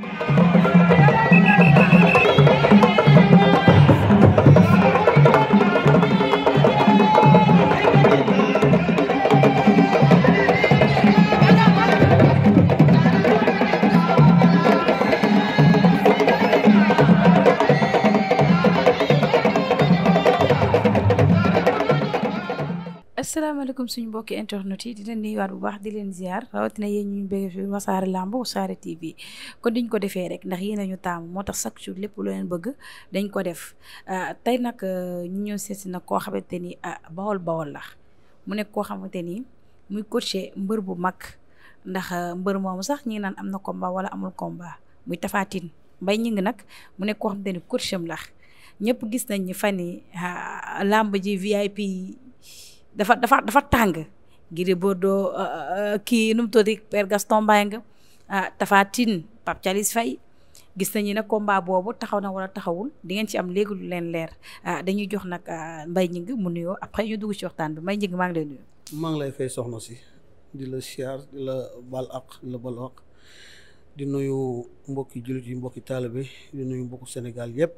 Thank you. asalaamaaleykum suñu mbokki internet yi di leen nuyuwaat bu baax di leen ziar rawatina yéen ñu bëgg fi wasaare lamb wasaare TV kon diñ ko defee rek ndax yéen a ñu taamu moo tax chaque jour lépp lu leen bëgg dañ ko def ah, tey nag euh, ñu ñëw seet si nag koo xamante ni ah, bawol bawol lax mu nekk koo xamante ni muy coaché mbër bu mag ndax euh, mbër moomu sax ñi ngi naan am na combat wala amul combat muy tafaatin mbay ñi nag mu nekk koo xamante ni coach am la ñëpp gis nañ ni fan ah, yi làmb ji VIP dafa dafa dafa tàng Gris Bordeaux euh, euh, euh, kii nu mu tudd Père Gaston Mbengue nga ah, Tapha Tine Pape Thialis Faye gis nañu ne combat boobu taxaw na wala taxawul di ngeen ci am léegi lu leen leer ah dañuy jox nag ah, Mbaye Gningue mu nuyoo après ñu dugg ci waxtaan bi Mbaye Gningue maa ngi lay nuyu. maa ngi lay fay soxna si di la siyaar la bal ak di la bal ak di nuyu mbokki jullit yi mbokki taalibe di nuyu mbokku Sénégal yépp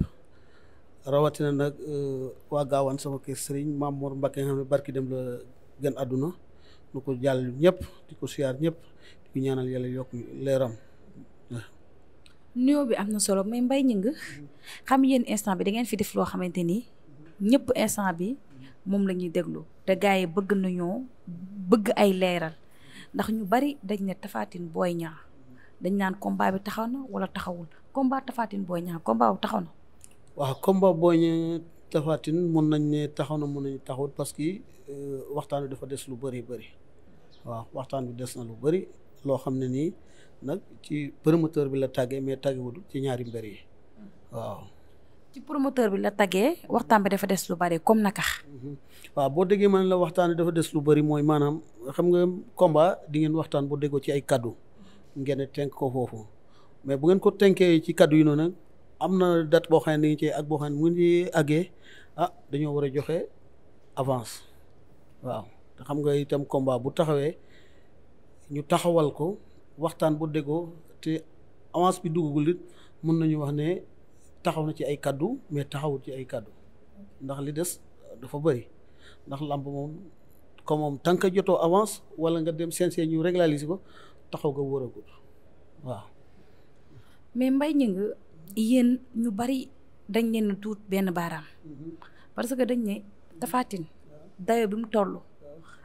rawatina nag euh, waa gaawaan sama kër sëriñ maam Mor Mbacke xam ne barki dem la gën àdduna nu ko jàll ñëpp di ko siyaar ñëpp di ko ñaanal yàlla yokk leeram nuyoo bi am na solo mais mbay ñi nga xam yéen instant bi da ngeen fi def loo xamante ni ñëpp instant bi moom lañuy ñuy déglu te gars yi bëgg nañoo bëgg ay leeral ndax ñu bari dañ ne tafaatin booy ñaa dañ naan combat bi taxaw na wala taxawul combat tafaatin booy ñaa combat bu taxaw na waaw combat boo Niang Tapha Tine mun nañ ne taxaw na mun nañu taxawut parce que euh, waxtaan bi dafa des lu bëri bari waaw waxtaan bi des na lu bëri loo xam ne nii nag ci promoteur bi la tàggee mais tàggewul ci ñaari mbër yi waaw. ci promoteur bi la tàggee waxtaan bi dafa des lu bëri comme naka. Mhm. waa boo déggee man la waxtaan bi dafa des lu bëri mooy maanaam xam nga combat di ngeen waxtaan bu déggoo ci ay kaddu ngeen tenk ko foofu mais bu ngeen ko tënkee ci kaddu yi noonu am na date boo xam ne ni ci ak boo xam ne mu ngi àggee ah dañoo war a joxe avance waaw xam nga itam combat bu taxawee ñu taxawal ko waxtaan bu déggoo te avance bi duggagul it mun nañu wax ne taxaw na ci ay kaddu mais taxawul ci ay kaddu ndax li des dafa bëri ndax làmb moom comme moom tant que jotoo avance wala nga dem seen ñu régulariser ko taxaw nga wóoragul waaw. mais Mbaye Gningue yéen ñu bari dañ leen tuut benn baaraam mhm. parce que dañ ne tafaatin dayo bi mu toll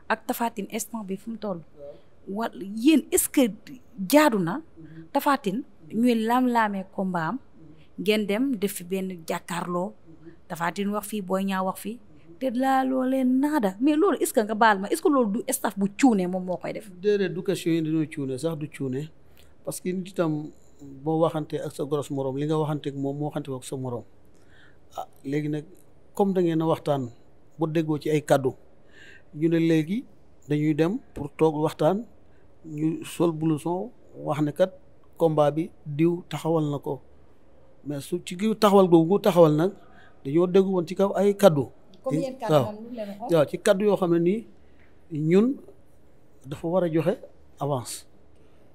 ak tafaatin instant bi fu mu toll wal yéen ce que jaadu na mhm. tafaatin ñuy laam-laamee combat am mhm. ngeen dem def fi benn jàkkaarloo tafaatin wax fii booy ñaaw wax fii te laa loolee naada mais loolu est-ce nga baal ma est-ce loolu du staff bu cuune moom moo koy def déedéet du question sax du cuune parce que nit itam boo waxante ak sa goros moroom li nga waxante ak moom moo waxante ak sa moroom ah léegi nag comme dangeen ngeen a waxtaan bu déggoo ci ay kàddu ñu ne léegi dañuy dem pour toog waxtaan ñu sol blouson wax ne kat combat bi diw taxawal na ko mais su ci giw taxawal googu taxawal nag dañoo dégg woon ci kaw ay kàddu ah. waaw ah, ci kàddu yoo xam ne nii ñun dafa war a joxe avance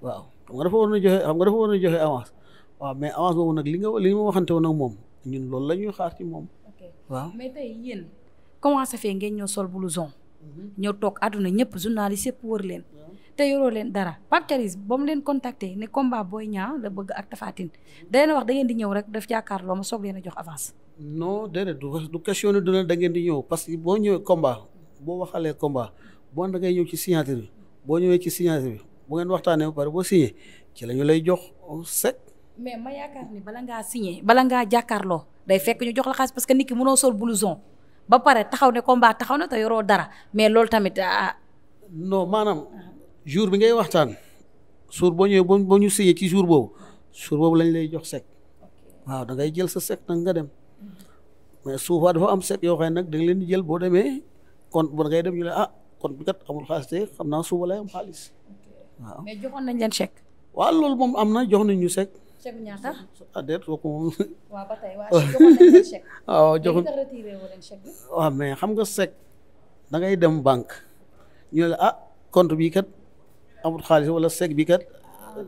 waaw xam nga dafa waroon a joxe xam joxe avance waaw mais avance boobu nag li nga li ma waxante woon ak moom ñun loolu la ñuy xaar ci moom. waaw mais tey yéen comment ça fait ngeen ñëw sol blouson. Mhm. ñëw toog àdduna ñëpp journaliste sëpp wër leen. te yoroo leen dara Pape Thialis ba leen contacter ne combat booy Niang da bëgg ak Tapha Tine da leen wax da ngeen di ñëw rek daf jàkkaarloo ma soog leen jox avance. non déedéet du question ne dina ngeen di ñëw parce que boo ñëwee combat boo waxalee combat boo da ngay ñëw ci signature bi boo ñëwee ci signature bi bu ngeen waxtaanee ba pare boo signé ci la ñu lay jox sec. mais ma yaakaar ni bala ngaa signé bala ngaa jàkkaarloo day fekk ñu jox la xaalis parce que nit ki mënoo sol blouson ba pare taxaw ne combat taxaw na te yoroo dara mais loolu tamit ah. ah. maanaam jour bi ngay waxtaan suur boo ñëwee ba ñu signé ci jour boobu suur boobu lañ lay jox sec waaw da ngay jël sa sec nag nga dem mais souvent dafa am sec yoo nag da leen di jël boo demee kon bu ngay dem ñu la ah kon bi kat amul xaalis xam naa suba lay xaalis. waaw mais joxoon nañ leen chèque. waaw loolu moom am na jox nañ ñu chèque. chèque bu ñaata. ah déet waaw mais xam nga chèque da ngay dem banque ñu ne la ah compte bii kat amul xaalis wala chèque bi kat. Ah,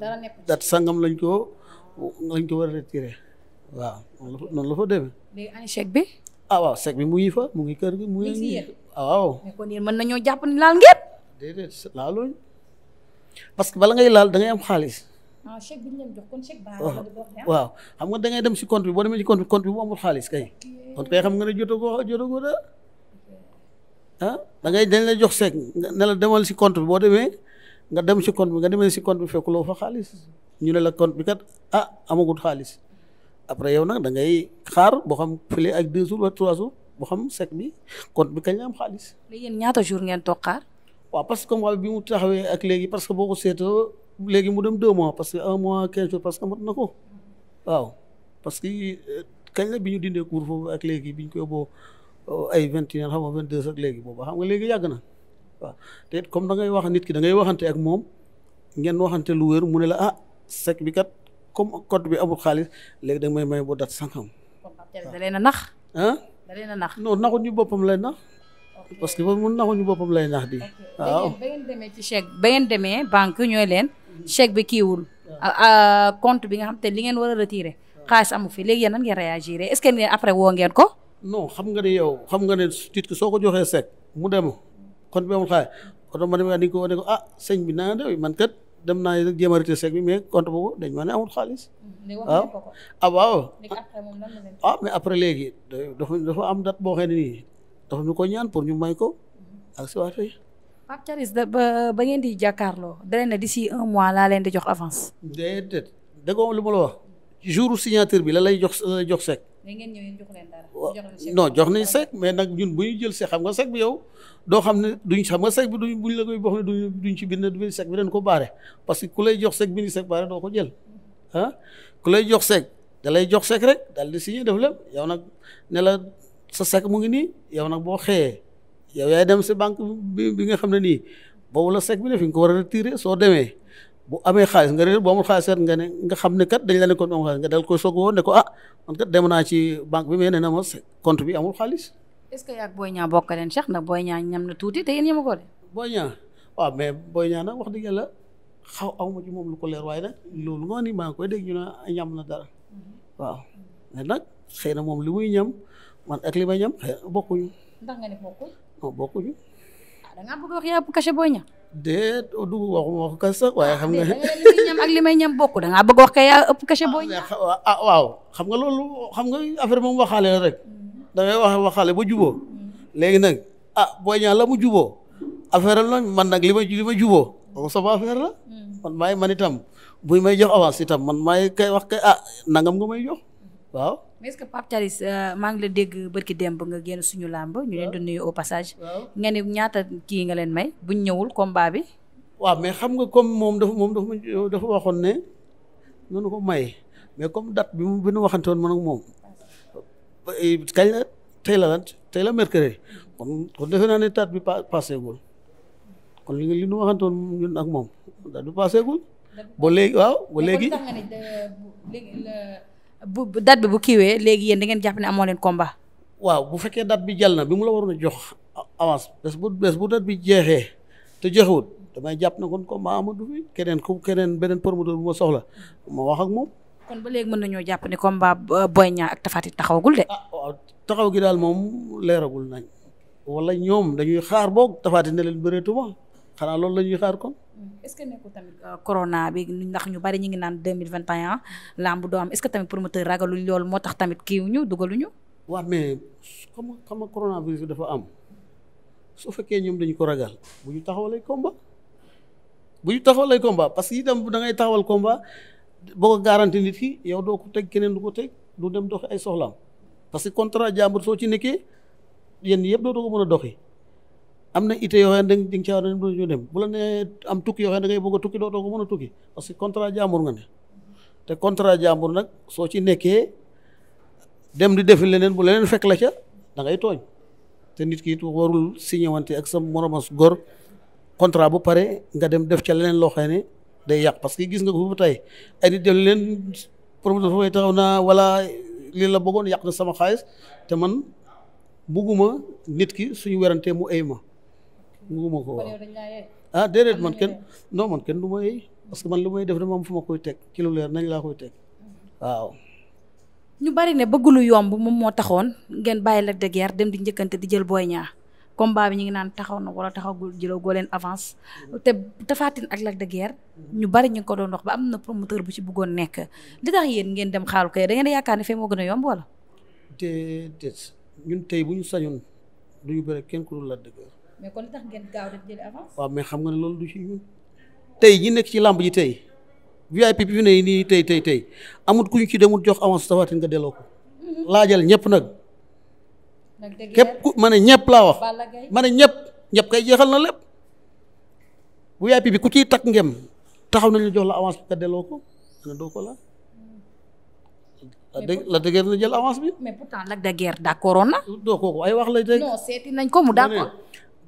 dara dat sangam lañ ko lañ ko war a retiré waaw noonu la fa demee. bi. ah waaw chèque bi mu ngi mu ngi kër gi mu ngi. Ah, waaw. mais kon yéen mën nañoo jàpp laal ngeen. laaluñ. parce que bala ngay laal dangay am xaalis. Ah, ah waaw xam nga da ngay dem si contre bi boo demee ci compte bi compte bi bu amul xaalis kay. kon kay xam nga ne jotagoo jotagoo da ah da ngay dañ la jox chèque ne la demal si compte boo demee nga dem si compte bi nga demee si compte bi fekkuloo fa xaalis ñu ne la bi kat ah amagut xaalis après yow nag da ngay xaar boo xam file ak deux jours wala trois boo xam chèque bi compte bi kañ la am xaalis. ñaata jour ngeen toog waaw parce que combat bi mu taxawee ak léegi parce que boo ko seetoo léegi mu dem deux mois parce que un mois quinze jours parce que na ko waaw parce que euh, kañ la bi ñu dindee couvre foofu ak léegi bi ñu koy boo euh, ay vingt et un xam ak léegi boobu xam nga léegi yàgg na waaw te it comme da ngay wax nit ki da ngay waxante ak moom ngeen waxante lu wér mu ne la ah sec bi kat comme code bi amul xaalis léegi da may may boo dat sànqam. da leen a a nax. non naxut ñu boppam lay nax. parce que boobu mun naxuñu boppam lay nax di waaw ba ngeen demee ci banque ñooy leen chèque bi kiiwul ah. Ah, ah, compte bi nga xam te li ngeen war a retiré xaalis amu fi léegi yéen nan ngeen réagir est ce que ngeen après woo ko non xam nga ne yow xam nga ne tiit ki soo ko joxee chèque mu dem compte bi amul xaalis oto ma demee ni ko ne de man kat a retiré chèque bi mais compte boobu dañ ma ne amul xaalis waaw ah waaw ah mais après léegi dafa dafa am date boo nii dafa ñu ko ñaan pour ñu may ko ak si waat fii. da ba ba ngeen di jàkkaarloo dalee na d'ici un mois laa leen di jox avance. déedéet déggoo lu ma la wax jour signature bi la lay jox la euh, lay jox sec. mais ngeen ñëw jox leen mais nag ñun bu ñu jël sec xam nga sec bi yow doo xam ne duñ xam nga sec bi duñ buñ la koy wax ne du duñ ci bind bi sec bi dañ ko baare parce que ku lay jox sec bi ni sec baare doo ko jël ah ku lay jox sec da jox sec rek daal di signé def lépp yow nag ne sa sec mu ngi nii yow nag boo xëyee yow yaay dem si banque bi bi nga xam ne nii boobu la sec bi ne fi nga ko war a retirer soo demee bu amee xaalis nga réer boo amul xaalis kat nga ne nga xam ne kat dañ la ne kon nga dal koy soog woon ne ko ah man kat dem naa ci banque bi mais nee na ma bi amul xaalis. est-ce que yaa ngi Boy Niang bokk leen sax ndax Boy Niang ñam na tuuti te yéen ñama ko de. Boy Niang waaw mais Boy wax dëgg yàlla xaw aw ma ci moom lu ko leer waaye nag loolu nga ni ngi koy dégg ñu ne na dara mm-hmm. waaw mais xëy na moom li muy ñam. man ak li may ñam eh, bokkuñu. ndax nga ne bokkuñu. non bokkuñu. ah da ngaa bëgg wax yàpp cachet booy ñam. déet du waxuma wax kas sax waaye xam nga. Ah, li may ñam ak da ngaa bëgg wax kay ah, ah, waaw xam nga loolu xam nga affaire moom waxaale rek. Mm-hmm. da wax waxaale ba juboo. Mm-hmm. léegi nag ah boo ñaa la mu juboo. affaire la man nag li ma li ma juboo. moom affaire la. Mm-hmm. man maay man itam may jox avance itam man maay kay wax kay ah nangam nga may jox waaw. mais est-ce que Pape euh, maa ngi la dégg bërki démb nga génn suñu làmb ñu leen di nuyu au passage. nga ne ñaata kii nga leen may buñ ñëwul combat bi. waaw mais xam nga comme moom dafa moom dafa dafa waxoon ne ko may mais comme date bi mu bi nu waxante woon man ak moom eh, kañ la tey la lan tey la mercredi kon kon defe naa ne date bi pa passé gul kon li li nu waxante léegi waaw ba léegi. bu date bi bu kiiwee léegi yéen da ngeen jàpp ne amoo leen komba waaw bu fekkee date bi jal na bi mu la waroon a jox avance bés bu bés bu date bi jeexee te joxewut damay jàpp na kon combat amatu fi keneen ku keneen beneen promoteur bu ma soxla ma wax ak moom. kon ba léegi mën nañoo jàpp ne combat euh, Boy Niang ak Tapha Tine taxawagul de. Ah, taxaw gi daal moom leeragul nañ wala ñoom dañuy xaar boog Tapha Tine ne leen bëreetuma xanaa lool la ñuy xaar kon. est-ce que nekkul tamit euh, corona bi ndax ñu bari ñu ngi naan deux mille vingt et un làmb doo am est-ce que tamit promoteur ragaluñ loolu moo tax tamit kiiwuñu dugaluñu. waa mais xam xam nga coronavirus bi dafa am su fekkee ñoom dañu ko ragal bu ñu taxawalee combat bu ñu taxawalee comba parce que itam bu ngay taxawal combat boo ko garanti nit ki yow doo ko teg keneen du ko teg du dem dox ay soxlaam parce que contrat jàmbur soo ci nekkee yenn yëpp doo ko mën a doxi am na ité yoo xam ne di nga caa war a dem bu la nee am tukki yoo xam ne da ngay a tukki dootoo ko mën a tukki parce que contrat jàmbur nga ne te contrat jàmbur nag soo ci nekkee dem di defi leneen bu leneen fekk la ca da ngay tooñ te nit kii it warul signé wante ak sa moromas gor contrat ba pare nga dem def ca leneen loo xam day yàq parce que gis nga ko bu tey ay nit def leen promoteur fa may taxaw naa wala lii la bëggoon yàq na sama xaalis te man bugguma nit ki suñu werantee mu ay ma bëgguma ko waaw ah déedéet man kenn non man kenn du ma yey parce man lu may def dama am fu ma koy teg ci leer nañ laa koy teg waaw ñu bari ne bëgg lu yomb moom moo taxoon ngeen bàyyi la de dem di njëkkante di jël booy ñaa Niang combat bi ñu ngi naan taxaw na wala taxawul jëloo goo leen avance te Tapha ak Lac de ñu bari ñu ngi ko doon dox ba am na promoteur bu ci bëggoon nekk li tax yéen ngeen dem xaalu kay da ngeen yaakaar ne fee moo gën a yomb wala. déedéet ñun tey bu ñu sañoon du ñu bëre kenn ku dul Lac mais kon li tax ngeen gaaw rek jël xam nga ne loolu du ci ñun tey ñi nekk ci làmb ji tey VIP bi fi ne nii tey tey tey amut ku ñu ci demut jox avance Tapha Tine nga delloo ko. Mhm. laajal ñëpp nag. képp ku ma ne ñëpp laa wax. ma ne ñëpp ñëpp kay jeexal na lépp. VIP bi ku ciy takk ngem taxaw nañu jox la avance bi nga delloo ko dina doo ko la. la dëgër na jël avance bi. mais pourtant Lac de Guiers na. doo ko ay wax la dëgg. nañ ko mu d'accord.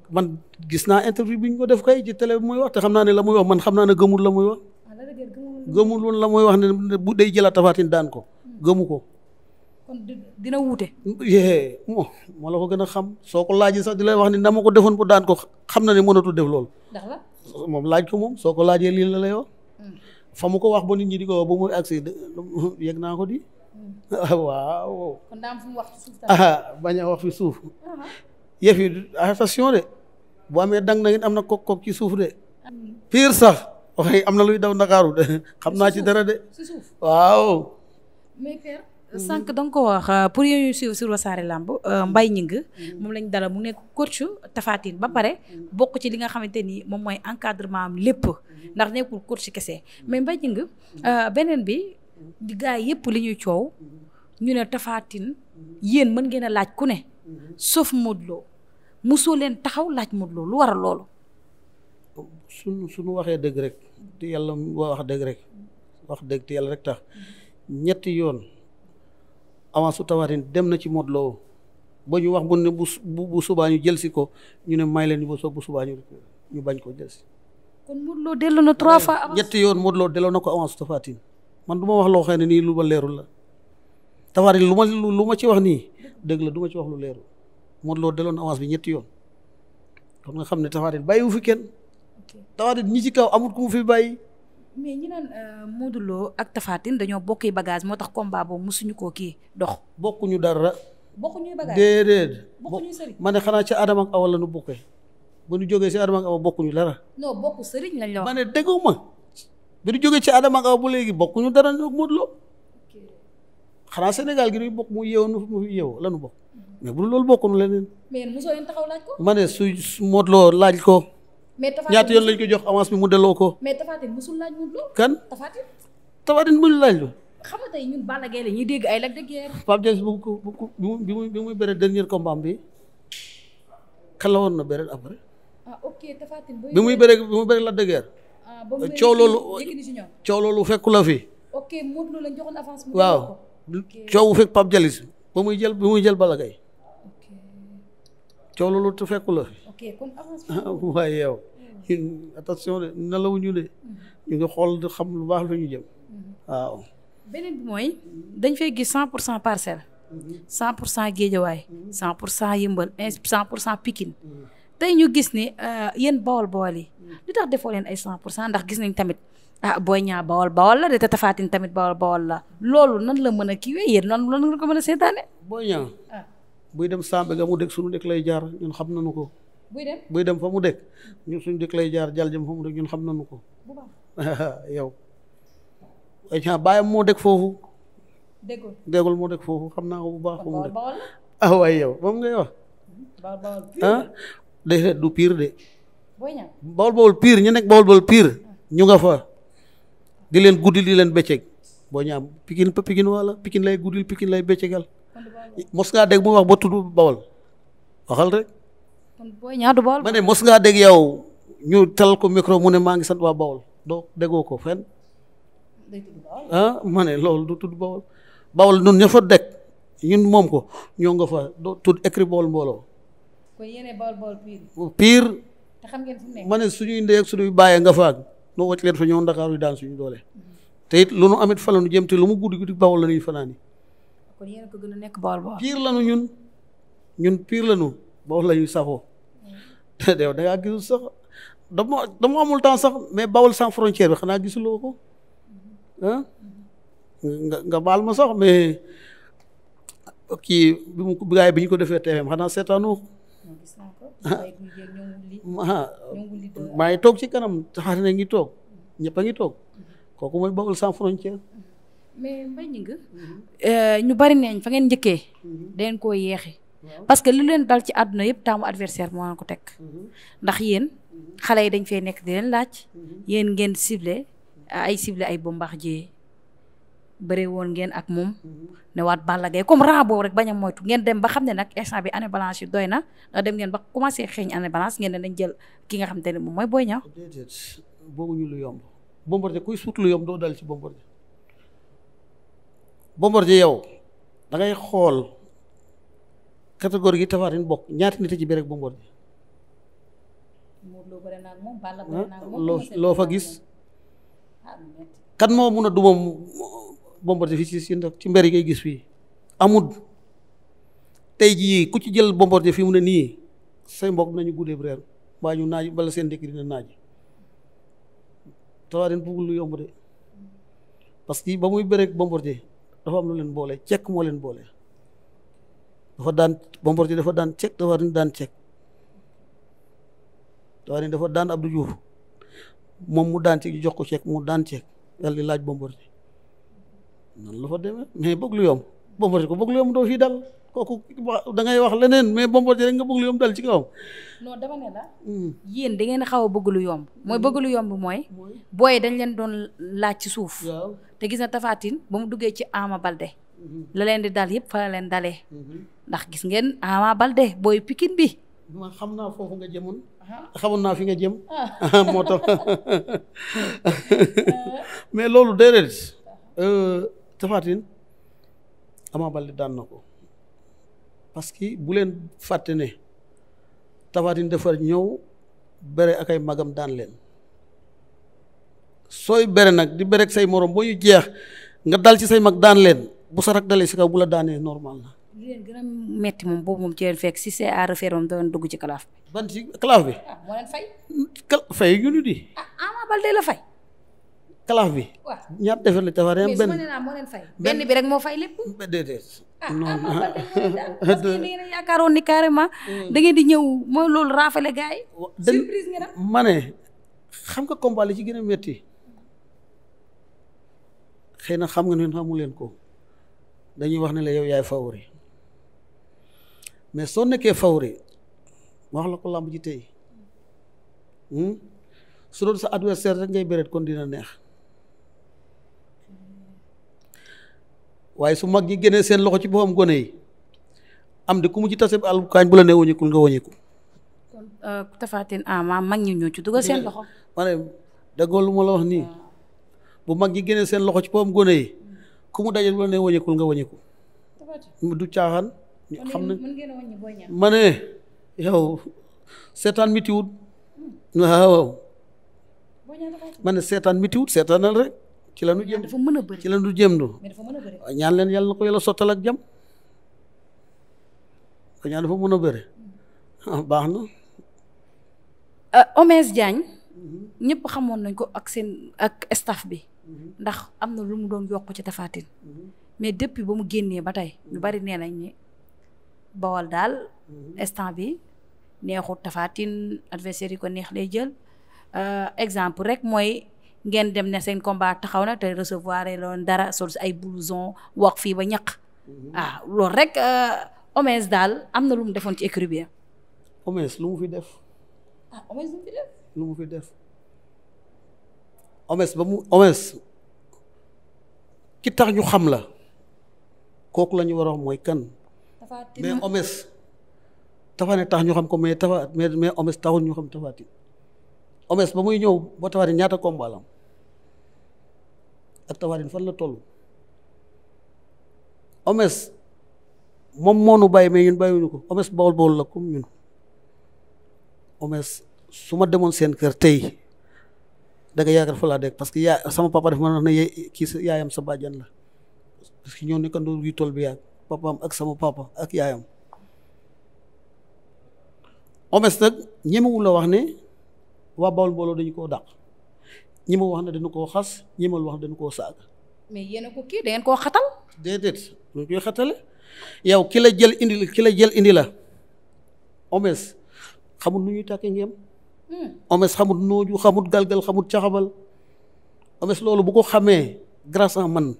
man gis naa interview bi ñu ko def kay ci télé muy wax te xam naa ne la muy wax man xam naa ne gëmul la muy wax. Ah, gëmul woon la muy wax ne bu day jëlaat tafaatin daan ko. Hmm. gëmu ko. kon dina wuute. moo la ko gën a xam soo ko sax di wax ni na ma ko defoon bu daan ko xam na ne mënatul def loolu. moom laaj ko moom soo ko laajee lii la lay wax. Hmm. fa mu ko wax ba nit ñi di ko wax ba muy agsi yegg naa ko di. Hmm. waaw. kon daa am wax ci suuf bañ a wax fi suuf. Ah. yëf yi attention de. boo amee dang na it am na kok-kok ci suuf de pire sax waxee am na luy daw ndakaaru de xam naa ci dara de waaw mais père mm-hmm. sànq da ko wax euh, pour yooyu suivre sur Wassare Lamb euh, mm-hmm. mm-hmm. moom lañ dala mu nekk coach Tapha ba pare bokk ci li nga xamante ni moom mooy encadrement am lépp ndax nekkul coach kese mais Mbaye Gningue euh, beneen bi di gars yëpp li ñuy coow ñu ne tafaatin Tine yéen mën ngeen a laaj ku ne sauf Modou mosoo leen taxaw laaj Modou Lo lu war a loolu. su suñu waxee dëgg rek te yàlla wax dëgg rek wax dëgg te yàlla rek tax ñetti yoon avance su dem na ci Modou Lo ba ñu wax bu ne bu bu subaa ñu jël si ko ñu ne may leen ñu ba soog bu subaa ñu ñu bañ ko jël si. kon Modou Lo delloo na trois fois avance ñetti yoon Modou Lo delloo na ko avance su Tapha Tine man du wax loo xam ne nii lu ma leerul la Tapha lu ma lu ma ci wax nii dëgg la du ma ci wax lu leeru Modou Lo deloon avance bi ñetti yoon kon nga xam ne tafaatin bàyyiwu fi kenn tafaatin ñi ci kaw amul ku mu fi bàyyi. mais ñu naan euh, Modou Lo ak tafaatin dañoo bokki bagage moo tax combat boobu mosuñu koo kii dox. bokkuñu dara. bokkuñu bagage ma ne xanaa ci Adama nu bokkee ba nu jógee ci Adama bokkuñu dara. non bokku sëriñ lañ la ci Adama ak ba léegi bokkuñu dara ñoom Modou Lo Sénégal gi ñuy bokk mu yeewoon mu yeewoo la nu bokk. mais bu loolu bokkoon leneen. mais taxaw laaj ma ne su su Modou laaj ko. mais Tapha ñaata yoon lañ ko jox avance bi mu delloo ko. mais Tapha Tine mosul kan Tapha Tine. Tapha mu laaj la. xam nga tey ñun Balla Gaye la ñuy dégg ay la de Guiers. Pape Diaz bu ko bu ko bi muy bi muy bëre dernier combat bi kan la woon na bëre après. ah ok Tapha Tine bi muy bëre bi muy ah, ba mu coow loolu coow loolu fekku la fi. ok lañ joxoon avance. waaw coow fekk Pape Diaz ba muy jël ba muy jël Balla coow loolu te fekku la fi. ok kon avancement. Ah, waaye yow. Hmm. attention de nelaw ñu de. Hmm. ñu ngi xool di xam lu baax lu ñu jëm. Hmm. waaw. beneen mooy dañ fay gis cent pour cent parcelle. cent pour cent géejawaay. cent pour cent yëmbal cent pour cent pikin. tey ñu gis ni euh, yéen bawol bawol yi. li tax defoo leen ay cent pour cent ndax gis nañ tamit ah booy ñaa bawol bawol la de te tafaatin tamit bawol bawol la loolu nan la mën a kiiwee yéen nan lan nga mën a seetaane. booy ñaa buy dem Sambe ga mu dek suñu dek lay jaar ñun xam nañu ko. buy dem fa mu dëkk ñun suñu dëkk lay jaar jal jëm fa mu dëkk ñun xam nañu ko. yow. moo dëkk foofu. déggul déggul moo dëkk foofu xam naa bu baax. fa mu dëkk ah waay yow moom ngay wax. bawal ah, du piir de. booy ñaax bawal ñu nekk bawal bawal pire. ñu nga fa. di leen guddi di leen bëccëg. boo ñaam pikin pa pikin waala pikin lay guddil pikin lay bëccëgal. mos ngaa dégg mu wax ba tudd bawal waxal rek. kon mos ngaa dégg yow ñu tal ko micro mu ne maa ngi sant waa bawal doo déggoo ko fenn. ah ma ne loolu du tudd bawal bawal ñun ñoo fa moom ko ñoo nga fa doo tudd mbooloo. kon yéen bawal te xam ngeen ma ne suñuy ndey ak suñuy bàyyee nga faag nu wàcc leen fa ñëw Ndakaaru daan suñu doole. te lu nu amit fa la nu jëm te lu mu guddi guddi bawal la ñuy fanaan kon yéen ko gën a nekk bool bool. piir lanu ñun ñun piir lanu bawol la ñuy safoo. te hmm. yow da ngaa gisul sax dama dama amul temps sax mais bawol sans frontière bi xanaa gisuloo ko ah. nga baal ma sax mais kii bi mu gaay bi ñu ko defee TFM xanaa seetaanoo ah ngi toog ci kanam taxaar ngi toog ñëpp a ngi toog hmm. kooku mooy bawul sans frontière mais Mbaye Gningue mm-hmm. euh, ñu bari neen fa ngeen njëkkee mm-hmm. dangeen koo yeexi parce que lu leen dal ci àdduna yëpp taamu adversaire moo leen ko teg mm-hmm. ndax yéen xale yi dañ fee nekk di leen laaj yéen ngeen ciblé ay ciblé ay Bombardier bëree woon ngeen ak moom ne waat Balla Gaye comme rang boobu rek bañ a moytu ngeen dem ba xam ne nag instant bi année balance yi doy na ndax dem ngeen ba commencé xeeñ année balance ngeen ne dañ jël ki nga xam te ne moom mooy booy Niang boobu ñu lu yomb Bombardier kuy suut lu doo dal ci Bombardier Bombardier yow da xool catégorie gi Tapha Tine bokk ñaata nit ci biir ak Bombardier. loo fa gis. Ah, kan moo mun a duma Bombardier fi ci si ci mbir yi ngay gis fii amul tey jii ku ci jël Bombardier fi mu ne nii say mbokk nañu guddee reer mbaa ñu naaj bala seen dëkk dina naaj Tapha Tine bëggul lu de parce que ba muy bëreeg Bombardier dafa am lu leen boole cek moo leen boole dafa daan Bombardier dafa daan cek dafa daan cek dafa ne dafa daan Abdou Diouf moom mu daan cek jox ko cek mu daan cek dal di laaj Bombardier nan la fa demee mais bëgg lu yomb Bombardier ko bëgg lu yomb doo fii dal kooku da ngay wax leneen mais Bombardier rek nga bëgg lu yomb dal ci kawam. non dama ne la. Hmm. yéen da ngeen xaw a bëgg lu mooy hmm. bëgg lu yomb mooy. booy dañ leen doon laaj ci suuf. te gis na Tapha mu duggee ci Ama Balde. Hmm. la leen di dal yëpp fa leen dalee. ndax gis ngeen Ama Balde booy pikin bi. ma xam naa foofu nga jëmoon. Ah. xamoon naa fi nga jëm. Ah. Ah, moo tax mais loolu déedéet euh, Tapha Tine Ama Baldé daan na ko parce que bu leen fàtte ne Tapha Tine defar ñëw bere ak ay magam daan leen sooy bere nag di bere say moroom boo ñu jeex nga dal ci say mag daan leen bu sa rak dalee si kaw bu la daanee normal na. li metti moom boobu moom ci leen fekk si c'est à refaire moom doon dugg ci kalaaf bi. ban ci kalaaf bi. Ah, fay. kal fay di. ah Ama la fay. kalaaf bi. waaw ñaar defar la yam benn. benn bi rek moo fay lépp. déedéet. Ah, non ah, parce que ni yaakaaroon ni carrément. Mm. da di ñëw mooy loolu raafale gars yi. surprise xam nga combat li ci gën a métti xëy na xam nga ne xamu ko dañuy wax ne la yow yaay favori mais soo nekkee favori wax la ko làmb ji tey hmm? su doon sa adversaire rek ngay béret kon dina neex. waaye su mag ñi génnee seen loxo ci boppam gone yi am di ku mu ci tase ba bu la nee wëññikul nga wëññikul. kon euh, Tafatine ama ah, mag ñi ñoo ci dugal seen loxo. ma ne la wax nii ah. bu mag ñi génnee seen loxo ci boppam gone yi ku mu daje bu la nee wëññikul nga wëññikul. du caaxaan. ñu xam ne ma ne yow seetaan mitiwut hmm. waaw seetaan mitiwut seetaanal rek. ci la nu jëm dafa mën a bëri ci la nu jëm du ñaan leen yàlla na ko yàlla sottal ak jam ko ñaan dafa mën a bëri ah, baax na euh, Omez Diagne mhm. ñëpp xamoon nañ ko ak seen ak staff bi mhm. ndax am na lu mu doon yokk ci Tapha mhm. mais depuis ba mu génnee ba tey ñu bari nee nañ bawal daal instant bi neexut Tapha Tine adversaire yi ko neex lay jël euh, exemple rek mooy ngeen dem ne seen combat taxaw na te recevoir e loon dara sol ay blouson wax fii ba ñaq mhm. ah lool rek euh, Omez daal am na lu mu defoon ci écurie bi Omez lu ah, fi def lu mu fi def lu ba mu Omez ki tax ñu xam la kooku la ñu war mooy kan mais Omez Tapha ne tax ñu xam ko mais Tapha mais mais Omez taxul ñu xam Tapha Tine Omez ba muy ñëw ba Tapha Tine ñaata combat ak tafaatin fan la toll omes moom moonu bàyyi mais ñun bàyyiwuñu ko omes bawol bawol la comme ñun omes su ma demoon seen kër tey da nga yaakaar fa laa dëkk parce que yaa sama papa daf ma ne kii sa yaayam sa bàjjan la parce que ñoo nekkandoo tool bi yaag papaam ak sama papa ak yaayam nag ñemewul la wax ne waa bawol booloo dañu koo dàq ñi ma wax na dañu koo xas ñi ma wax ne koo saaga. mais yéen a ko kii da ngeen koo xatal. déedéet lu koy xatale yow ki jël indi la ki jël indi la omes xamut nu ñuy tàkkee ngéem. Hmm. omes xamut nooju xamut galgal xamut caxabal omes loolu bu ko xamee grâce man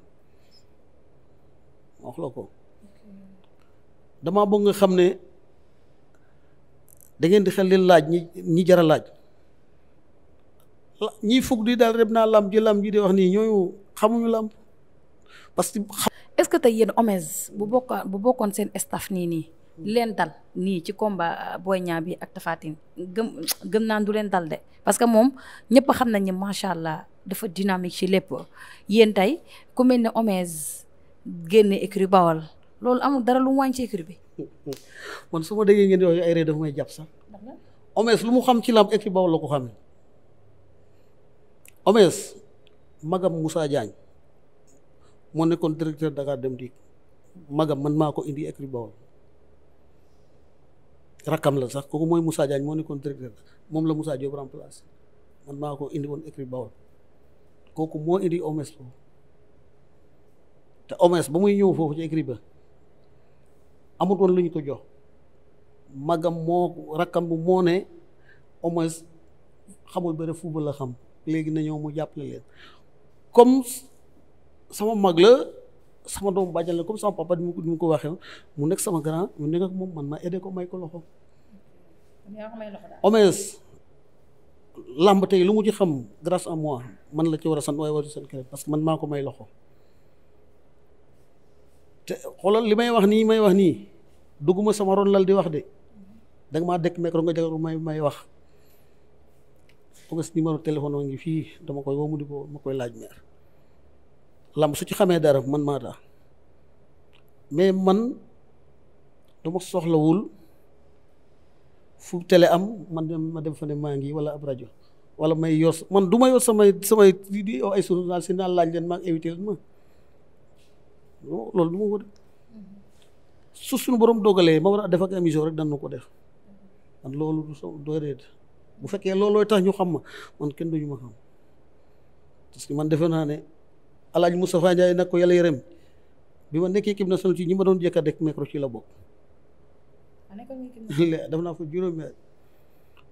wax la ko dama bëgg nga xam ne da ngeen di xel li laaj ñi ñi jar laaj. ñii fukk di daal reb naa lamb ji lamb ji di wax nii ñooyu xamuñu lamb parce que. est-ce que tey yéen Omez bu bokkoon bu bokkoon seen staff nii nii. leen dal nii ci combat Boy ñaa bi ak Tapha Tine gëm naa du leen dal de parce que moom ñëpp xam nañ ne macha allah dafa dynamique ci lépp yéen tey ku mel ne Omez génne écurie Bawol loolu amul dara lu mu wàññi ci écurie bi. man su ma déggee ngeen yooyu ay réer dafa may jàpp sax. Omez lu mu xam ci lamb écurie Bawol la ko xamee. Omes magam Moussa Diagne moo nekkoon directeur Dakar Dem Dikk magam man maa ko indi écrit Bawol rakkam la sax kooku mooy Moussa Diagne moo nekkoon directeur moom la Moussa Diop remplacé man maa ko indi woon écrit Bawol kooku moo indi Omes foofu te Omes ba muy ñëw foofu ci écrit ba amut woon lu ko jox magam moo rakkam bu moo ne Omes xamul bëre football la xam léegi na ñëw mu jàppale leen comme sama mag la sama doom bàjjan la comme sama papa ni mu ko waxee mu nekk sama grand mu nekk ak moom man ma aidé ko may ko loxo. omes làmb tey lu mu ci xam grâce à moi man la ci war a sant waaye waru seen kër parce que man maa ko may loxo te xoolal li may wax nii may wax nii dugguma sama ron lal di wax de danga maa dekk micro nga jagar may may wax parce que numéro téléphone ngi fii dama koy woo mu di ko ma koy laaj meer lamb su ci xamee dara man maa daa mais man dama soxlawul fu télé am man ma dem fa ne maa ngi wala ab rajo wala may yor man du ma yor samay samay di ay journal si laaj leen ma ngi invité ma loolu du ma ko def su suñu borom dogalee ma war a def ak émission rek dan na ko def man loolu du so doy bu fekkee loolooy tax ñu xam ma man kenn duñu ma man defe naa ne Alaaji Moustapha Ndiaye nag ko yàlla yërëm bi ma nekk équipe nationale ci ñi ma doon jëkk a dekk micro ci la bokk. Ah, def naa fa juróomi at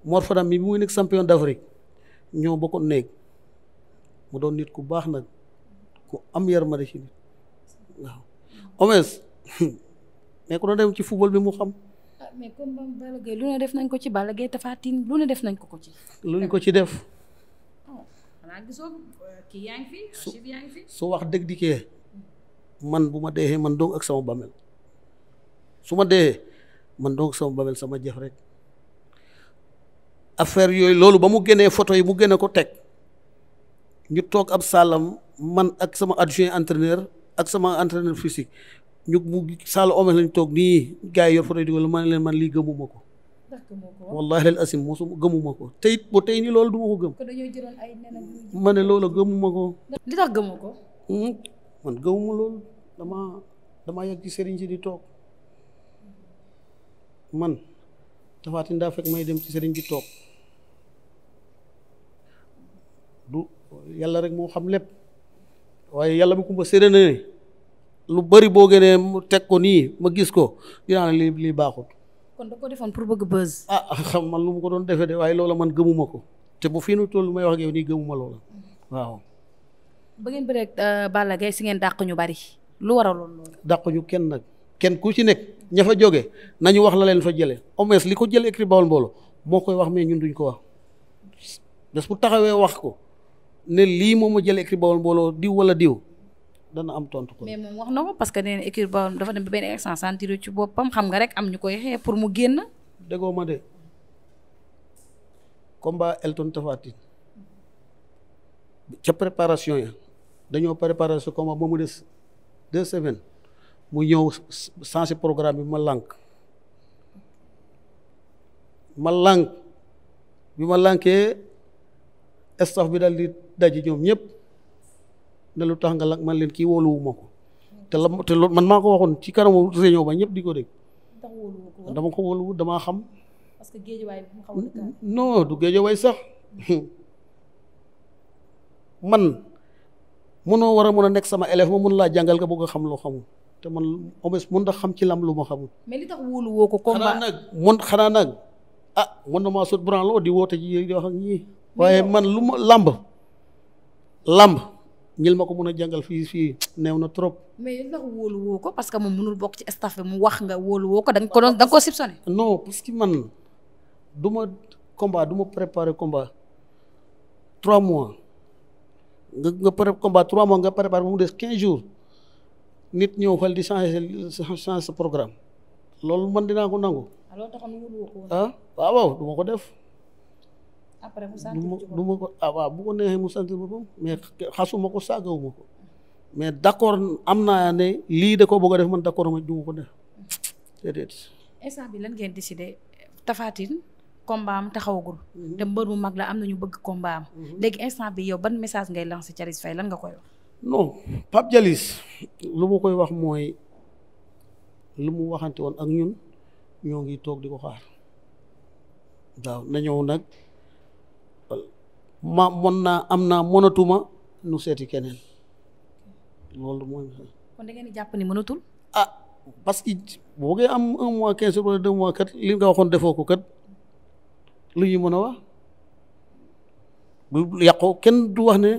Mor Fadam mi bi muy nekk champion d'Afrique ñoo bokkoon néeg mu doon nit ku baax nag ku am yërmande ci nit waaw. Omes mais dem ci football bi mu xam. mais comme lu ne def nañ ko ci Balla Gaye Tapha Tine lu ne def nañ ko ko ci. luñ ko ci def. Oh, kii yaa ngi su wax dëgg dikkee man bu ma deexee man dong ak sama bamel su ma deexee man dong sama bamel sama jëf rek affaire yooyu loolu ba mu génnee photo yi mu génne ko teg ñu toog ab saalam man ak sama adjoint entraîneur ak sama entraîneur physique ñu mu saal omes lañ toog nii gaa yi yor photo di ko ma leen man lii gëmuma ko. wallahi lal asim mosu gëmuma ko te it tey ni loolu du ma ko gëm. kon ma ne loolu gëmuma ko. li tax gëmuma ko. Hmm? man gëmuma loolu damaa yàgg ci sëriñ si di toog man Tapha Tine daa fekk may dem ci sëriñ bi toog du yàlla rek moo xam lépp waaye yàlla bu kumba séréna ne lu bëri boo gënee mu teg ko nii ma gis ko dinaa ne li lii baaxut. kon da ko defoon pour bëgg buzz. ah xam man lu mu ko doon defe de waaye loola man gëmuma ko te bu fi nu toll may wax ak yow nii gëmuma loola waaw. ba ngeen bëreeg euh, Balla Gaye si ngeen dàq ñu bari lu war waral loolu. dàq ñu kenn nag kenn ku ci nekk ña fa jóge nañu wax la leen fa jëlee au moins li ko jël écrit Baol Mbollo moo koy wax mais ñun duñ ko wax des bu taxawee wax ko ne lii moom ma jël écrit Baol Mbollo diw wala diw dana am tontu ko mais moom wax na ko parce que nee na équipe ba dafa dem ba benn instant sentir ci boppam xam nga rek am ñu koy xee pour mu génn. déggoo ma de préparation ya dañoo préparer ce combat ba mu des deux semaines mu ñëw sensé programme bi ma lànk ma lànk bi ma lànkee staff bi daal di daje ñoom ñëpp. ne lu tax nga lakk man leen kii wóoluwuma ko te la te loolu man maa ko waxoon ci kanamu réunion ba ñëpp di ko dégg. dama ko wóoluwu damaa xam. parce que géejewaay bi xaw a non du sax man mënoo war a mën a nekk sama élève ma laa jàngal ka bëgg xam loo xamul te man au moins mën ndax xam ci lam lu ma xamul. mais li tax wóoluwoo ko. combat xanaa nag mën xanaa nag ah mën na maa sot branlo di woote ji di wax ak ñii. waaye man lu ma làmb làmb. ñil ma ko mën a jàngal fii fii neew na trop. mais ndax wóolu woo parce que moom mënul bokk ci staff mu wax nga wóolu woo ko da nga ko doon da nga ko non parce que man du ma combat du ma préparé combat trois mois nga nga pré combat trois nga préparé mu des quinze jours nit ñëw fal di changer changer sa programme loolu man dinaa ko nangu. Ah, ah, waaw waaw du ko def. après mu sant du ma d' accord am naa ne lii da ko bëgg ma du bi lan ngeen décidé Tafatine combat am taxawagul. Mhm. te mu mag la am na ñu bëgg combat am. Mhm. léegi bi yow ban message ngay lancé Thialis Faye lan nga koy wax. koy wax mooy lu mu waxante woon ak ñun ñoo ngi toog di ko xaar waaw na ñëw nag. ma mën naa am naa mënatuma nu seeti keneen loolu mooy. kon na ngeen di jàpp ni mënatul. ah parce que boo koy am un mois quinze jours wala mois kat li nga waxoon defoo ko kat lu mën a wax lu kenn du wax ne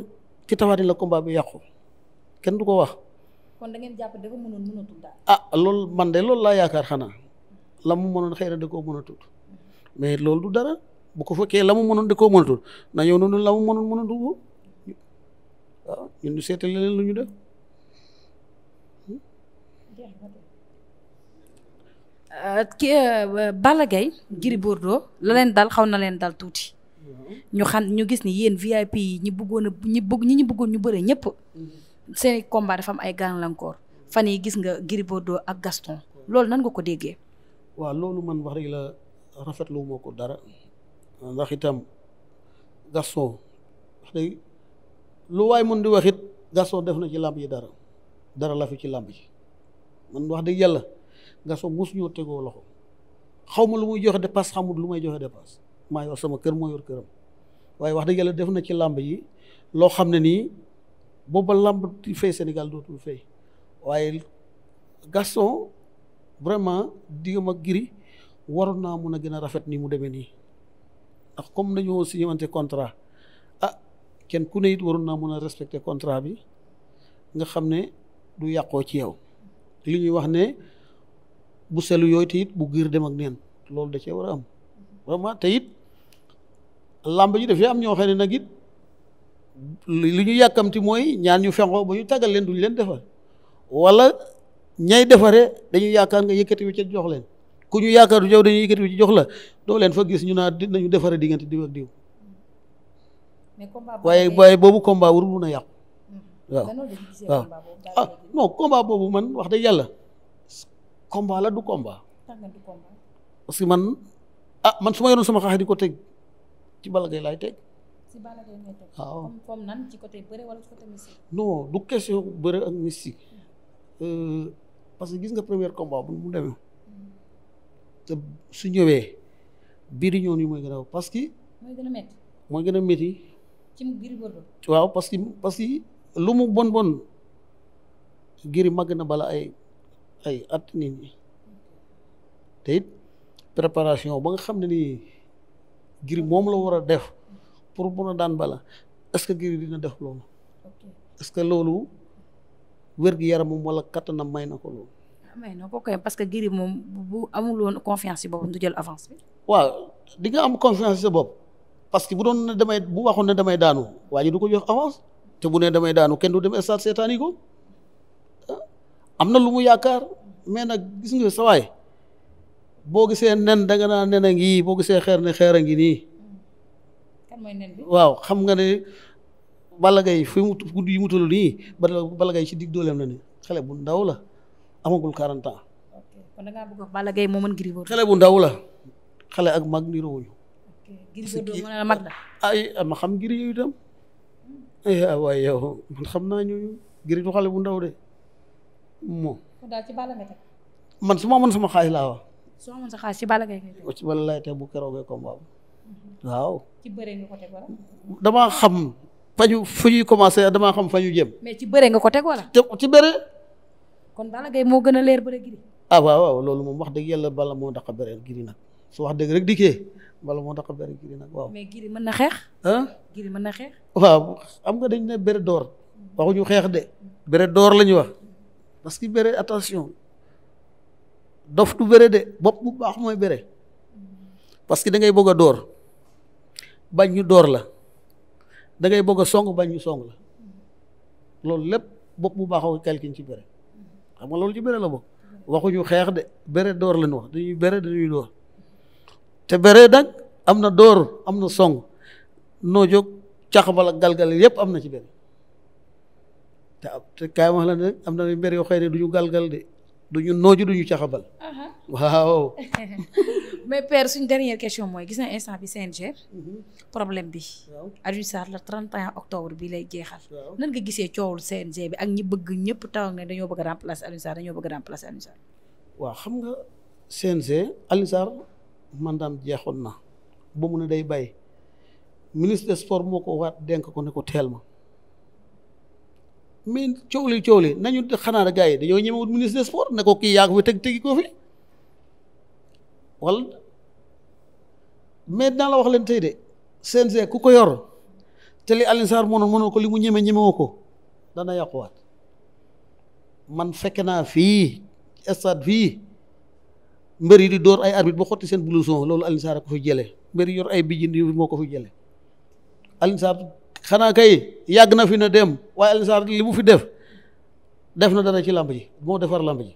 ci la combat bi yàqu kenn du ko wax. kon da ngeen jàpp dafa mënoon ah loolu man de loolu laa yaakaar xanaa la mu mënoon xëy na da koo mënatul mais loolu du dara. bu ko fekkee la mu mënoon da koo mënatul na yow noonu la mu mënoon mënatul ko waaw ñun lu ñu def. Euh, kii euh, Balla Gaye la leen dal xaw na leen dal tuuti. Mhm. ñu xam ñu gis ni yéen VIP yi ñi bëggoon ñi bëgg ñi ñu bëggoon ñu bëre ñëpp. Mhm. seen combat dafa am ay gàllankoor fan yi gis nga Gris Bordeaux ak Gaston loolu nan nga ko déggee. waaw loolu man wax rek la rafetlu moo ko dara. ndax itam Gaston wax dëgg lu waay mun di waxit it def na ci làmb yi dara dara la fi ci làmb ji man wax dëgg yàlla Gaston mus ñoo tegoo loxo xaw ma lu muy joxe dépasse xamul lu may joxe dépasse maa yor sama kër moo yor këram waaye wax dëgg yàlla def na ci làmb yi loo xam ne nii booba làmb di fay Sénégal dootul fay waaye Gaston vraiment diggam ak Gris waroon naa mën a gën a rafet ni mu demee nii ndax comme dañoo signante contrat ah kenn ku ne it waroon naa mën a respecter contrat bi nga xam ne du yàqoo ci yow li ñuy wax ne bu selu yooyu te it bu giir dem ak neen loolu da cee war a am vraiment te it làmb ji dafay am ñoo xam ne nag it li ñu yàkkamti mooy ñaan ñu fengo ba ñu tàggal leen duñ leen defar wala ñay defare dañu yaakaar nga yëkkati wu ca jox leen ku ñu yaakaar du ñëw dañuy jox la doo leen fa gis ñu naa dinañu defare diggante diw ak diw waaye waaye boobu combat warul mun a yàqu mm-hmm. waaw ah non combat boobu man wax dëgg yàlla combat la du komba parce que man ah man su ma yoroon sama xaax di ko teg ci Balla Gaye laay teg waaw du question bëre ak mystique euh, parce que gis nga premier combat bu mu te su ñëwee biir ñëw nii mooy gën a parce que. mooy mooy gën a métti. waaw parce que parce que lu mu bon bon Gris màgg na bala ay ay at nit ñi te it préparation ba nga xam ne nii giri moom la war a def pour mun a daan bala est-ce que Gris dina def loolu. est que loolu wér gi yaramam wala kattanam may na ko loolu. mais non ko koy parce que Gris moom bu amul woon confiance ci boppam du jël avance bi. waaw di nga am confiance sa bopp parce que bu doon ne damay bu waxoon ne damay daanu waa du ko jox avance te bu ne damay daanu kenn du dem stade seetaani ko ah, am na lu mu yaakaar mais nag gis nga sa waay boo gisee nen da nga naa nen a ngi boo gisee xeer ne xeer a ngi nii. kan waaw xam nga ne Balla Gaye fi mu guddi yi mu toll nii Balla Gaye ci dig dooleem na ni xale bu ndaw la. amagul 40 ans. kon da ngaa a xale bu ndaw la xale ak mag niroowuñu. ok Gris ma xam Gris yooyu itam eh, ah waaye man xam bu ndaw de moom. ci Balla man su ma mën sama xaalis laa wax. su ma mën sa xaalis ci Balla Gaye. ci Balla bu keroogee combat mhm. waaw. ci xam. fañu fu ñuy commencé xam fa ñu jëm. mais ci bëre nga ko teg wala. ci bëre. kon Balla Gaye moo gën a leer bëre Gris. ah waaw waaw loolu moom wax dëgg yàlla bala moo daq a bëre Gris nag su wax dëgg rek dikkee Balla moo daq a bëre Gris nag waaw. mais Gris na na xeex. waaw nga dañ ne bëre door waxuñu xeex de bëre door la ñu wax parce que bëre attention dof du bëre de bopp bu baax mooy bëre parce que da ngay bëgg a door bañ ñu door la dangay ngay bëgg a song bañ ñu song la loolu lépp bopp bu baax a calcul ci bëre. xam nga loolu ci bëre la bokk waxuñu xeex de bëre door lañ wax dañuy bëre dañuy door te bëre nag am na door am na song noo jóg caxabal ak galgal yëpp am na ci bëre te te kaay wax la ne am na mbër yoo xëy ne du ñu galgal de duñu nooju duñu caxabal. waaw. mais per suñ dernière question mooy gis na instant bi CNG. Mhm. problème bi. waaw Alioune Sarr la 31 octobre bi lay jeexal. nan nga gisee coowul CNG bi ak ñi bëgg ñëpp taw ne dañoo bëgg a remplacer Alioune Sarr dañoo bëgg a remplacer Alioune Sarr. waaw xam nga CNG Alioune Sarr mandaam jeexoon na ba mu ne day bàyyi ministre des sports moo ko waat denk ko ne ko teel ma. mais coow li coow li nañu xanaa gars yi dañoo ñemewut ministre des sports ne ko kii yaa ko fi teg tegi ko fi wala mais dinaa la wax leen tey de CNG ku ko yor te li Alioune Sarr mënoon ko li mu ñeme ñemewoo ko dana yàquwaat man fekk naa fii stade fii mbër yi di door ay arbitre ba xotti seen blouson loolu Alioune Sarr a ko fi jële mbër yi yor ay bijjin yu moo ko fi jële Alioune xanaa kay yàgg na fi na dem waaye Alioune Sarr li mu fi def def na dara ci làmb ji moo defar làmb ji.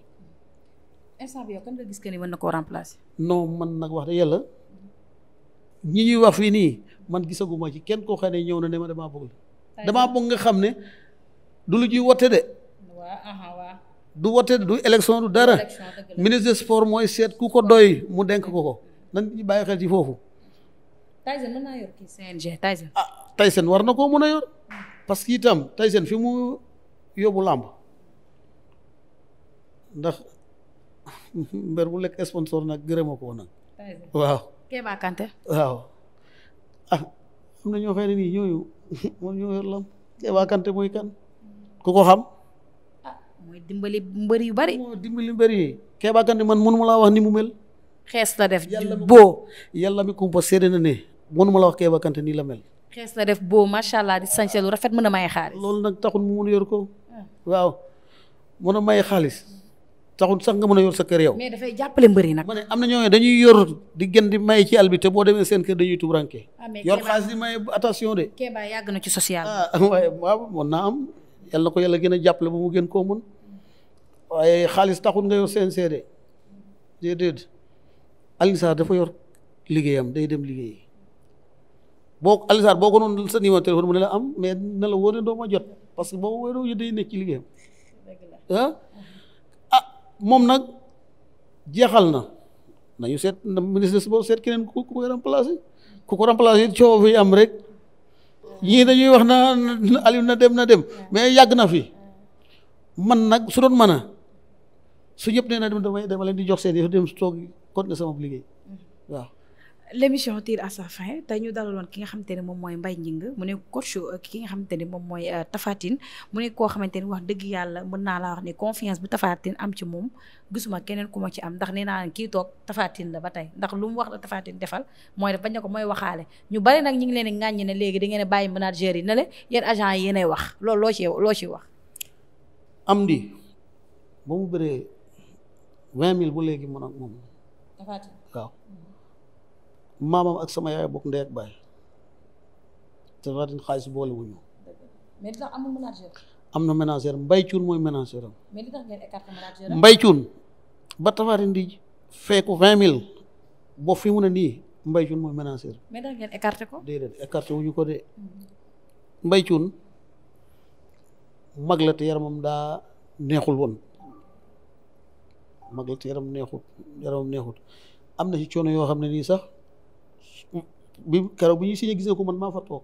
instant bi yow kan nga gis na koo remplacer. non man nag wax dëgg yàlla ñi ñuy wax fii nii man gisaguma ci kenn koo xam ne ñëw na ne ma damaa bëgg. damaa bëgg nga xam ne du lu ñuy wote de. du wote du élection du dara. ministre sport mooy seet ku ko doy mu denk ko ko nan ñu bàyyi xel ci foofu. Tyson war na koo mën a yor parce que itam Tyson fi mu yóbbu làmb ndax mbër bu lekk sponsor nag gërëma ko nag waaw Kéba Kanté waaw ah am na ñoo xëy nii ñooñu moom ñoo yor làmb Kéba Kanté mooy kan ku ko xam ah, mooy dimbali mbër yu bari moo dimbali mbër yi Kéba Kanté man mënu ma laa wax ni mu mel xees la def boo yàlla mi kumpa séede na ne mënu ma la wax Kéba Kanté nii la mel xees na def boo macha allah di sañse lu rafet mën a may xaalis. loolu nag taxul mu mun yor ko. Ah. waaw mën a may xaalis taxul sax nga mën a yor sa kër yow. mais dafay jàppale mbëri nag. ma ne am na ñoo dañuy yor di may ci àll bi te boo demee seen kër dañuy tubranke. Ah, yor xaalis di may attention de. Kéba yàgg na ci social. ah waaye waaw mën naa am yàlla na ko yàlla gën a jàppale ba mu gën koo mun waaye xaalis taxul nga yor seen seede déedéet Alioune dafa yor liggéeyam day dem liggéey boo Alioune boo ko noonu sa numéro téléphone la am mais na la wóor ne jot parce que boo wóoroo yëpp day ah? Ah, moom nag jeexal na nañu seet na ministre boobu seet keneen ku ko remplacé ko remplacé coow fi am rek wax na na dem na dem mais yàgg na fi man nag su doon mën a su ñëpp nee na dem damay dama leen di jox seen yëf dem toog continuer sama liggéey mm-hmm. l' émission tire à sa tey ñu dalaloon ki nga xamante ne moom mooy Mbaye njing mu ne coach euh, ki nga xamante ne moom mooy euh, Tapha Tine mu ne koo xamante ne wax dëgg yàlla mën naa laa wax ne confiance bu Tapha am ci moom gisuma keneen ku ma ci am ndax nee naa kii toog Tapha la ba tey ndax lu mu wax la Tapha defal mooy def bañ ne ko mooy waxaale ñu bari nag ñu ngi leen di ŋàññi ne léegi da ngeen a bàyyi manager yi ne la yéen agent yi yéenay wax loolu loo ci loo ciy wax. am di ba mën ak moom. maamam ak sama yaay bokk ndey ak baay Tapha xaalis boole wuñu am na ménageur Mbaye Thioune mooy ménageur am. mais li tax ngeen écarté ba Tapha Tine di feeku vingt mille boo fi mu ne nii Mbaye Thioune mooy ménageur. mais tax ngeen écarté ko. déedéet écarté wuñu ko de Mbaye Thioune mag la te yaramam daa neexul woon mag la te yaram neexut yaramam neexut am na ci coono yoo xam ne nii sax. bi keroog bi ñuy signé gisee ko man maa fa toog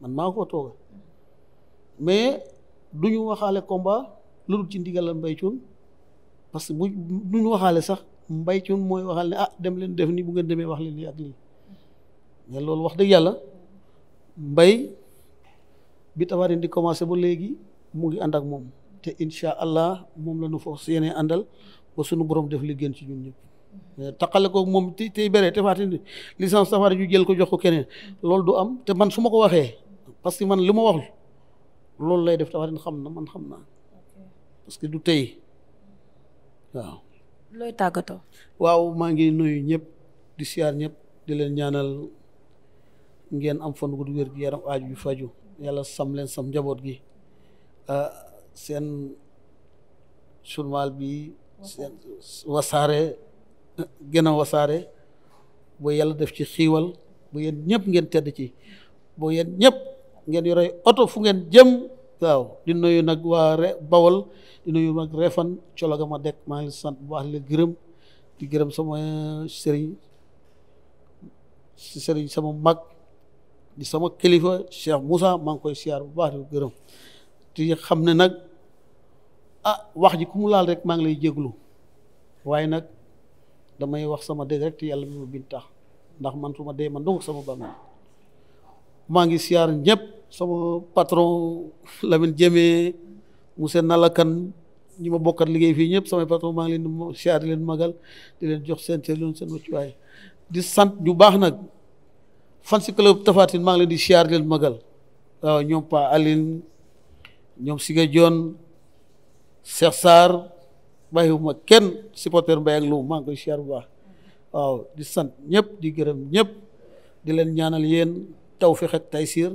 man maa ko fa tooga mais du ñu waxaale komba lu ci ndigalal Mbaye Thioune parce que bu du ñu waxaale sax Mbaye Thioune mooy waxaal ne ah dem leen def nii bu ngeen demee wax leen lii ak lii mais loolu wax dëgg yàlla mbay bi Tafatin di commencé ba léegi mu ngi ànd ak moom te incha allah moom la ñu fas yéene àndal ba sunu borom def li gën ci ñun ñëpp. taqale ko moom ti tey béré te faati licence safar ju jël ko jox ko keneen loolu du am te man su ma ko waxee parce que man lu ma wax loolu lay def tafaatin xam na man xam naa parce que du tey waaw. looy tàggatoo. waaw maa ngi nuyu ñëpp di siyaar ñëpp di leen ñaanal ngeen am fan gu wér gi yaram aaju bi faju yàlla sam leen sam njaboot gi ah, seen journal bi seen wasaare. gën a wasaare bu yàlla def ci xiiwal bu yéen ñëpp ngeen tedd ci bu yéen ñëpp ngeen yore oto fu ngeen jëm waaw di nuyu nag waa re bawol di nuyu reefan colo ga ma dekk maa ngi sant bu baax la gërëm di gërëm sama mag di sama kilifa Cheikh Moussa maa ngi koy siyaar bu baax di xam ne nag ah wax ji ku mu laal rek maa ngi lay jéglu waaye nag damay wax sama dëgg rek te yàlla mi ma bind tax ndax man su ma dee man dong sama bàmmeel maa ngi siyaar ñëpp sama patron Lamine mu seen Nalakan ñi ma bokkat liggéey fii ñëpp samay patron maa ngi leen di siyaar di leen magal di leen jox seen cër seen wàccuwaay di sant ñu baax nag fan si club di siyaar magal waaw ñoom Pa Aline ñoom Siga Dione bàyyiwuma kenn supporter Mbaye ak Lo maa ngi koy siyaar bu baax waaw di sant ñëpp di gërëm ñëpp di leen ñaanal yeen taw tawfiq ak taysiir